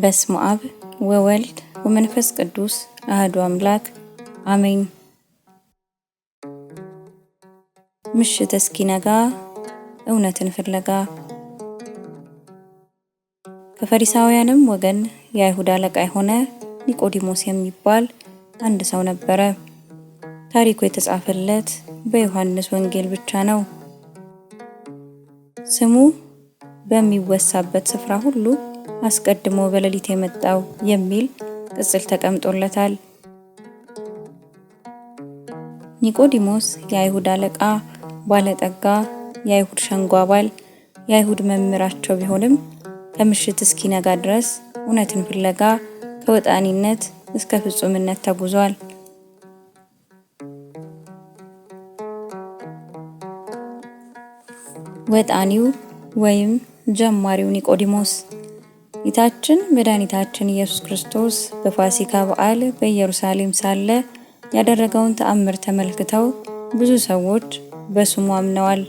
በስሙ አብ ወወልድ ወመንፈስ ቅዱስ አህዱ አምላክ አሜን። ምሽት እስኪነጋ እውነትን ፍለጋ። ከፈሪሳውያንም ወገን የአይሁድ አለቃ የሆነ ኒቆዲሞስ የሚባል አንድ ሰው ነበረ። ታሪኩ የተጻፈለት በዮሐንስ ወንጌል ብቻ ነው። ስሙ በሚወሳበት ስፍራ ሁሉ አስቀድሞ በሌሊት የመጣው የሚል ቅጽል ተቀምጦለታል። ኒቆዲሞስ የአይሁድ አለቃ፣ ባለጠጋ፣ የአይሁድ ሸንጎ አባል፣ የአይሁድ መምህራቸው ቢሆንም ከምሽት እስኪነጋ ድረስ እውነትን ፍለጋ ከወጣኒነት እስከ ፍጹምነት ተጉዟል። ወጣኒው ወይም ጀማሪው ኒቆዲሞስ ጌታችን መድኃኒታችን ኢየሱስ ክርስቶስ በፋሲካ በዓል በኢየሩሳሌም ሳለ ያደረገውን ተአምር ተመልክተው ብዙ ሰዎች በስሙ አምነዋል።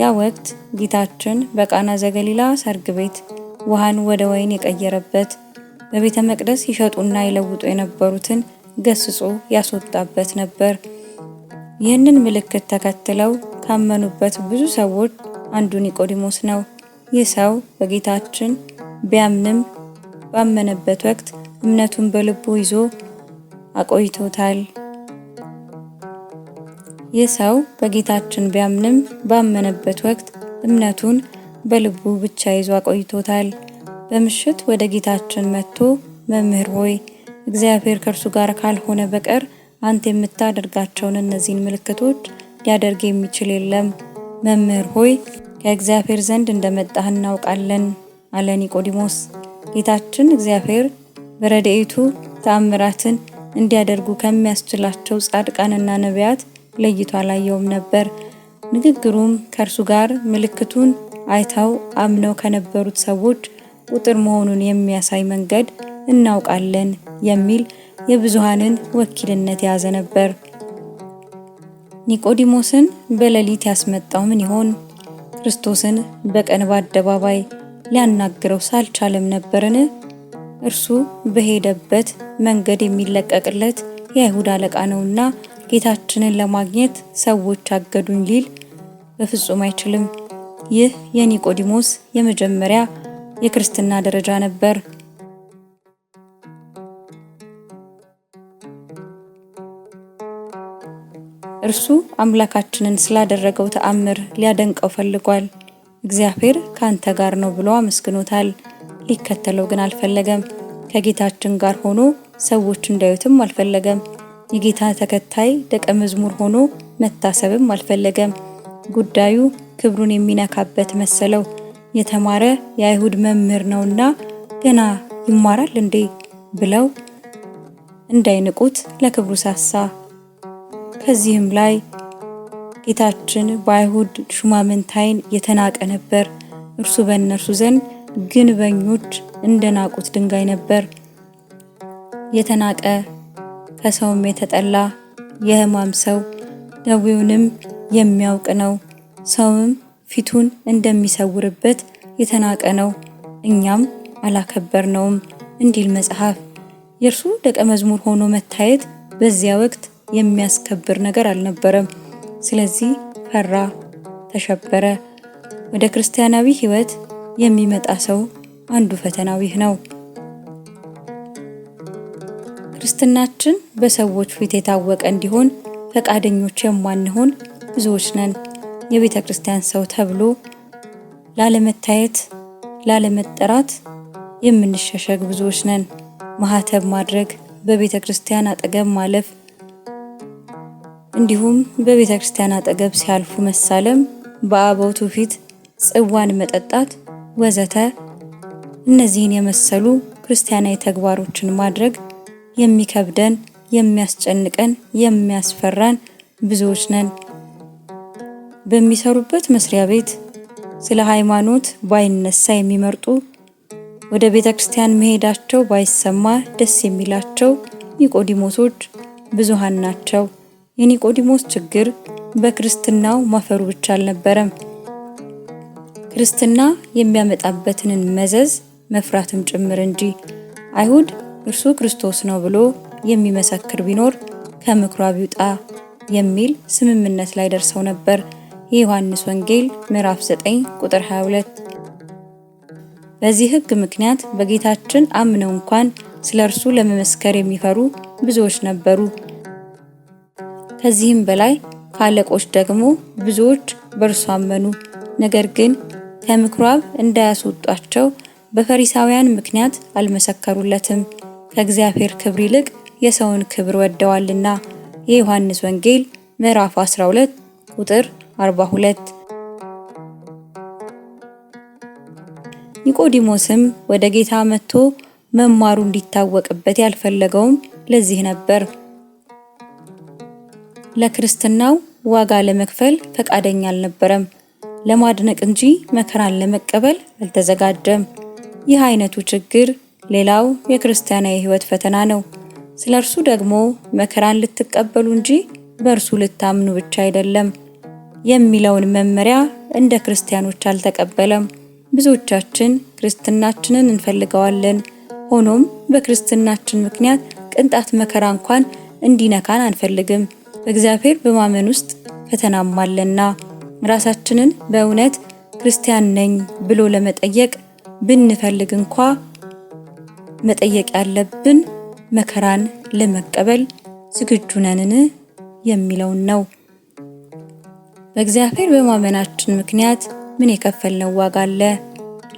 ያ ወቅት ጌታችን በቃና ዘገሊላ ሰርግ ቤት ውሃን ወደ ወይን የቀየረበት፣ በቤተ መቅደስ ይሸጡና ይለውጡ የነበሩትን ገስጾ ያስወጣበት ነበር። ይህንን ምልክት ተከትለው ካመኑበት ብዙ ሰዎች አንዱ ኒቆዲሞስ ነው። ይህ ሰው በጌታችን ቢያምንም ባመነበት ወቅት እምነቱን በልቡ ይዞ አቆይቶታል። ይህ ሰው በጌታችን ቢያምንም ባመነበት ወቅት እምነቱን በልቡ ብቻ ይዞ አቆይቶታል። በምሽት ወደ ጌታችን መጥቶ መምህር ሆይ እግዚአብሔር ከእርሱ ጋር ካልሆነ በቀር አንተ የምታደርጋቸውን እነዚህን ምልክቶች ሊያደርግ የሚችል የለም። መምህር ሆይ ከእግዚአብሔር ዘንድ እንደመጣህ እናውቃለን። አለ ኒቆዲሞስ። ጌታችን እግዚአብሔር በረድኤቱ ተአምራትን እንዲያደርጉ ከሚያስችላቸው ጻድቃንና ነቢያት ለይቶ አላየውም ነበር። ንግግሩም ከእርሱ ጋር ምልክቱን አይተው አምነው ከነበሩት ሰዎች ቁጥር መሆኑን የሚያሳይ መንገድ እናውቃለን የሚል የብዙሃንን ወኪልነት የያዘ ነበር። ኒቆዲሞስን በሌሊት ያስመጣው ምን ይሆን? ክርስቶስን በቀን በአደባባይ ሊያናግረው ሳልቻለም ነበርን? እርሱ በሄደበት መንገድ የሚለቀቅለት የአይሁድ አለቃ ነውና ጌታችንን ለማግኘት ሰዎች አገዱኝ ሊል በፍጹም አይችልም። ይህ የኒቆዲሞስ የመጀመሪያ የክርስትና ደረጃ ነበር። እርሱ አምላካችንን ስላደረገው ተአምር ሊያደንቀው ፈልጓል። እግዚአብሔር ካንተ ጋር ነው ብሎ አመስግኖታል። ሊከተለው ግን አልፈለገም። ከጌታችን ጋር ሆኖ ሰዎች እንዳዩትም አልፈለገም። የጌታ ተከታይ ደቀ መዝሙር ሆኖ መታሰብም አልፈለገም። ጉዳዩ ክብሩን የሚነካበት መሰለው። የተማረ የአይሁድ መምህር ነውና ገና ይማራል እንዴ ብለው እንዳይንቁት ለክብሩ ሳሳ። ከዚህም ላይ ጌታችን በአይሁድ ሹማምንት ዓይን የተናቀ ነበር። እርሱ በእነርሱ ዘንድ ግንበኞች እንደናቁት ድንጋይ ነበር። የተናቀ ከሰውም የተጠላ የሕማም ሰው ደዌውንም የሚያውቅ ነው። ሰውም ፊቱን እንደሚሰውርበት የተናቀ ነው፣ እኛም አላከበርነውም እንዲል መጽሐፍ። የእርሱ ደቀ መዝሙር ሆኖ መታየት በዚያ ወቅት የሚያስከብር ነገር አልነበረም። ስለዚህ ፈራ፣ ተሸበረ። ወደ ክርስቲያናዊ ሕይወት የሚመጣ ሰው አንዱ ፈተናው ይህ ነው። ክርስትናችን በሰዎች ፊት የታወቀ እንዲሆን ፈቃደኞች የማንሆን ብዙዎች ነን። የቤተ ክርስቲያን ሰው ተብሎ ላለመታየት፣ ላለመጠራት የምንሸሸግ ብዙዎች ነን። ማህተብ ማድረግ፣ በቤተ ክርስቲያን አጠገብ ማለፍ እንዲሁም በቤተ ክርስቲያን አጠገብ ሲያልፉ መሳለም፣ በአበውቱ ፊት ጽዋን መጠጣት ወዘተ እነዚህን የመሰሉ ክርስቲያናዊ ተግባሮችን ማድረግ የሚከብደን፣ የሚያስጨንቀን፣ የሚያስፈራን ብዙዎች ነን። በሚሰሩበት መስሪያ ቤት ስለ ሃይማኖት ባይነሳ የሚመርጡ ወደ ቤተ ክርስቲያን መሄዳቸው ባይሰማ ደስ የሚላቸው ኒቆዲሞሶች ብዙሃን ናቸው። የኒቆዲሞስ ችግር በክርስትናው ማፈሩ ብቻ አልነበረም፣ ክርስትና የሚያመጣበትንን መዘዝ መፍራትም ጭምር እንጂ። አይሁድ እርሱ ክርስቶስ ነው ብሎ የሚመሰክር ቢኖር ከምኩራብ ይውጣ የሚል ስምምነት ላይ ደርሰው ነበር። የዮሐንስ ወንጌል ምዕራፍ 9 ቁጥር 22። በዚህ ሕግ ምክንያት በጌታችን አምነው እንኳን ስለ እርሱ ለመመስከር የሚፈሩ ብዙዎች ነበሩ። ከዚህም በላይ ካለቆች ደግሞ ብዙዎች በእርሱ አመኑ። ነገር ግን ከምኩራብ እንዳያስወጧቸው በፈሪሳውያን ምክንያት አልመሰከሩለትም፣ ከእግዚአብሔር ክብር ይልቅ የሰውን ክብር ወደዋልና። የዮሐንስ ወንጌል ምዕራፍ 12 ቁጥር 42። ኒቆዲሞስም ወደ ጌታ መጥቶ መማሩ እንዲታወቅበት ያልፈለገውም ለዚህ ነበር። ለክርስትናው ዋጋ ለመክፈል ፈቃደኛ አልነበረም። ለማድነቅ እንጂ መከራን ለመቀበል አልተዘጋጀም። ይህ አይነቱ ችግር ሌላው የክርስቲያናዊ የህይወት ፈተና ነው። ስለ እርሱ ደግሞ መከራን ልትቀበሉ እንጂ በእርሱ ልታምኑ ብቻ አይደለም የሚለውን መመሪያ እንደ ክርስቲያኖች አልተቀበለም። ብዙዎቻችን ክርስትናችንን እንፈልገዋለን። ሆኖም በክርስትናችን ምክንያት ቅንጣት መከራ እንኳን እንዲነካን አንፈልግም። በእግዚአብሔር በማመን ውስጥ ፈተናም አለና ራሳችንን በእውነት ክርስቲያን ነኝ ብሎ ለመጠየቅ ብንፈልግ እንኳ መጠየቅ ያለብን መከራን ለመቀበል ዝግጁ ነንን የሚለውን ነው። በእግዚአብሔር በማመናችን ምክንያት ምን የከፈልነው ዋጋ አለ?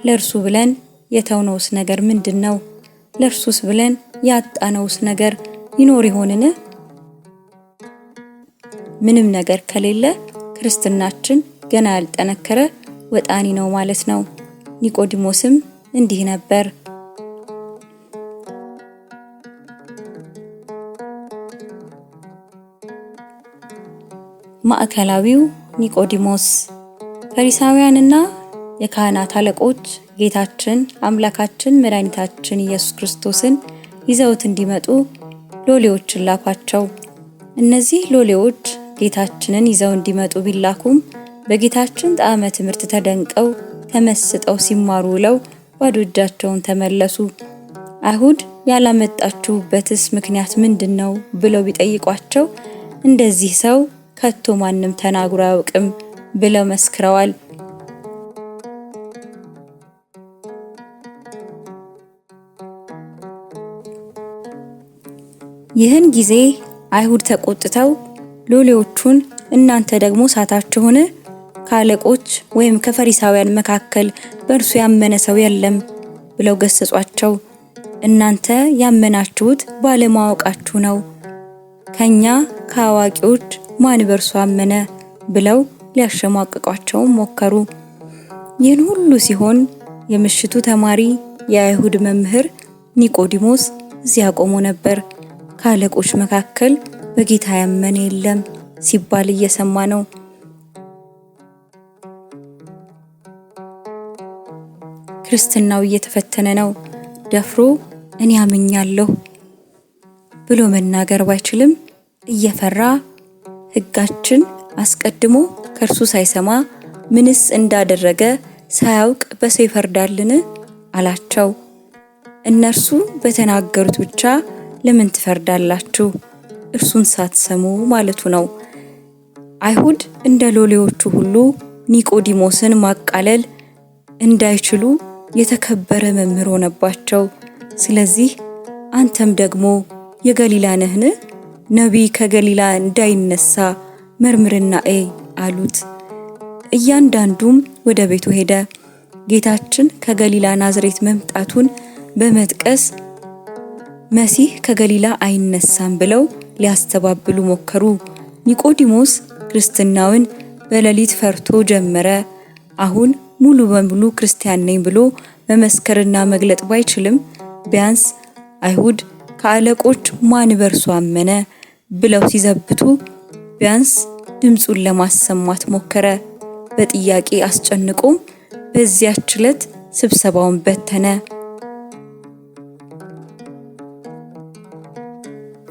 ለእርሱ ብለን የተውነውስ ነገር ምንድን ነው? ለእርሱስ ብለን ያጣነውስ ነገር ይኖር ይሆንን? ምንም ነገር ከሌለ ክርስትናችን ገና ያልጠነከረ ወጣኒ ነው ማለት ነው። ኒቆዲሞስም እንዲህ ነበር። ማዕከላዊው ኒቆዲሞስ ፈሪሳውያንና የካህናት አለቆች ጌታችን አምላካችን መድኃኒታችን ኢየሱስ ክርስቶስን ይዘውት እንዲመጡ ሎሌዎችን ላኳቸው። እነዚህ ሎሌዎች ጌታችንን ይዘው እንዲመጡ ቢላኩም በጌታችን ጣዕመ ትምህርት ተደንቀው ተመስጠው ሲማሩ ውለው ባዶ እጃቸውን ተመለሱ። አይሁድ ያላመጣችሁበትስ ምክንያት ምንድን ነው ብለው ቢጠይቋቸው እንደዚህ ሰው ከቶ ማንም ተናግሮ አያውቅም ብለው መስክረዋል። ይህን ጊዜ አይሁድ ተቆጥተው ሎሌዎቹን እናንተ ደግሞ ሳታችሁን? ከአለቆች ወይም ከፈሪሳውያን መካከል በእርሱ ያመነ ሰው የለም ብለው ገሰጿቸው። እናንተ ያመናችሁት ባለማወቃችሁ ነው፣ ከኛ ከአዋቂዎች ማን በእርሱ አመነ ብለው ሊያሸማቅቋቸው ሞከሩ። ይህን ሁሉ ሲሆን የምሽቱ ተማሪ የአይሁድ መምህር ኒቆዲሞስ እዚያ ቆሞ ነበር። ከአለቆች መካከል በጌታ ያመነ የለም ሲባል እየሰማ ነው። ክርስትናው እየተፈተነ ነው። ደፍሮ እኔ አምኛለሁ ብሎ መናገር ባይችልም እየፈራ ሕጋችን አስቀድሞ ከእርሱ ሳይሰማ ምንስ እንዳደረገ ሳያውቅ በሰው ይፈርዳልን አላቸው። እነርሱ በተናገሩት ብቻ ለምን ትፈርዳላችሁ? እርሱን ሳትሰሙ ማለቱ ነው። አይሁድ እንደ ሎሌዎቹ ሁሉ ኒቆዲሞስን ማቃለል እንዳይችሉ የተከበረ መምህር ሆነባቸው። ስለዚህ አንተም ደግሞ የገሊላ ነህን? ነቢይ ከገሊላ እንዳይነሳ መርምርና እይ አሉት። እያንዳንዱም ወደ ቤቱ ሄደ። ጌታችን ከገሊላ ናዝሬት መምጣቱን በመጥቀስ መሲህ ከገሊላ አይነሳም ብለው ሊያስተባብሉ ሞከሩ። ኒቆዲሞስ ክርስትናውን በሌሊት ፈርቶ ጀመረ። አሁን ሙሉ በሙሉ ክርስቲያን ነኝ ብሎ መመስከርና መግለጥ ባይችልም ቢያንስ አይሁድ ከአለቆች ማን በርሱ አመነ ብለው ሲዘብቱ ቢያንስ ድምፁን ለማሰማት ሞከረ። በጥያቄ አስጨንቆም በዚያች ዕለት ስብሰባውን በተነ።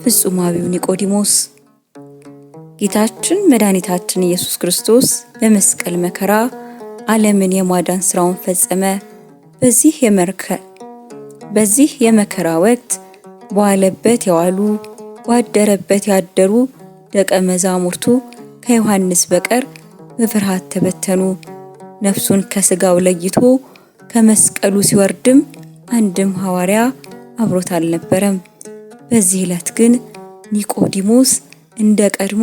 ፍጹማዊው ኒቆዲሞስ ጌታችን መድኃኒታችን ኢየሱስ ክርስቶስ በመስቀል መከራ ዓለምን የማዳን ሥራውን ፈጸመ። በዚህ የመርከ በዚህ የመከራ ወቅት በዋለበት የዋሉ ባደረበት ያደሩ ደቀ መዛሙርቱ ከዮሐንስ በቀር በፍርሃት ተበተኑ። ነፍሱን ከሥጋው ለይቶ ከመስቀሉ ሲወርድም አንድም ሐዋርያ አብሮት አልነበረም። በዚህ ዕለት ግን ኒቆዲሞስ እንደ ቀድሞ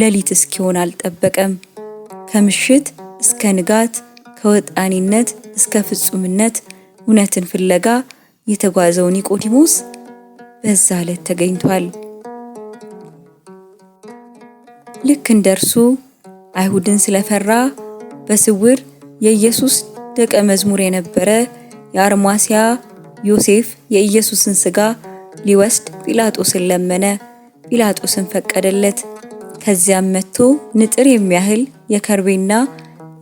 ሌሊት እስኪሆን አልጠበቀም። ከምሽት እስከ ንጋት ከወጣኒነት እስከ ፍጹምነት እውነትን ፍለጋ የተጓዘው ኒቆዲሞስ በዛ ዕለት ተገኝቷል። ልክ እንደ እርሱ አይሁድን ስለፈራ በስውር የኢየሱስ ደቀ መዝሙር የነበረ የአርማስያ ዮሴፍ የኢየሱስን ሥጋ ሊወስድ ጲላጦስን ለመነ። ጲላጦስን ፈቀደለት። ከዚያም መጥቶ ንጥር የሚያህል የከርቤና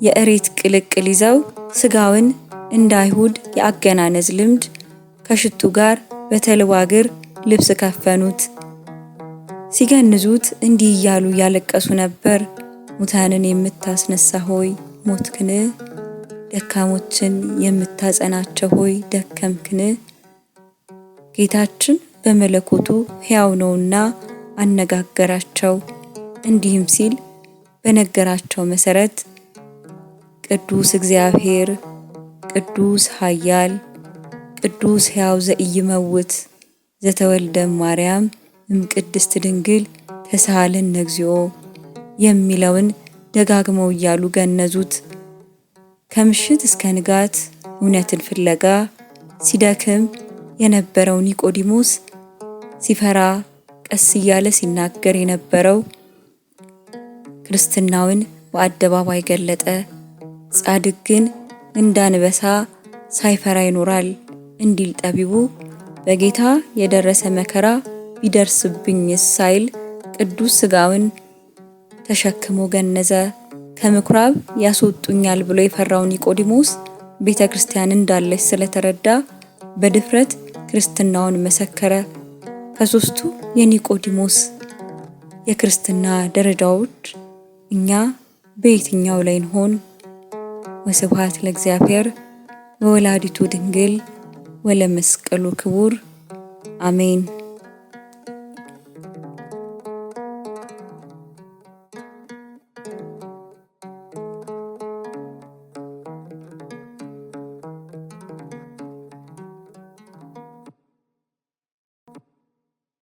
የእሬት ቅልቅል ይዘው ስጋውን እንደ አይሁድ የአገናነዝ ልምድ ከሽቱ ጋር በተልባ ልብስ ከፈኑት። ሲገንዙት እንዲህ እያሉ እያለቀሱ ነበር። ሙታንን የምታስነሳ ሆይ ሞትክን፣ ደካሞችን የምታጸናቸው ሆይ ደከምክን። ጌታችን በመለኮቱ ሕያው ነውና አነጋገራቸው። እንዲህም ሲል በነገራቸው መሰረት ቅዱስ እግዚአብሔር ቅዱስ ኃያል ቅዱስ ሕያው ዘኢይመውት ዘተወልደ ማርያም እምቅድስት ድንግል ተሳሃለን ነግዚኦ የሚለውን ደጋግመው እያሉ ገነዙት። ከምሽት እስከ ንጋት እውነትን ፍለጋ ሲደክም የነበረው ኒቆዲሞስ ሲፈራ ቀስ እያለ ሲናገር የነበረው ክርስትናውን በአደባባይ ገለጠ። ጻድቅ ግን እንዳንበሳ ሳይፈራ ይኖራል እንዲል ጠቢቡ በጌታ የደረሰ መከራ ቢደርስብኝ ሳይል ቅዱስ ሥጋውን ተሸክሞ ገነዘ። ከምኩራብ ያስወጡኛል ብሎ የፈራው ኒቆዲሞስ ቤተ ክርስቲያን እንዳለች ስለተረዳ በድፍረት ክርስትናውን መሰከረ። ከሶስቱ የኒቆዲሞስ የክርስትና ደረጃዎች እኛ በየትኛው ላይ እንሆን? ወስብሐት ለእግዚአብሔር ወወላዲቱ ድንግል ወለመስቀሉ ክቡር አሜን።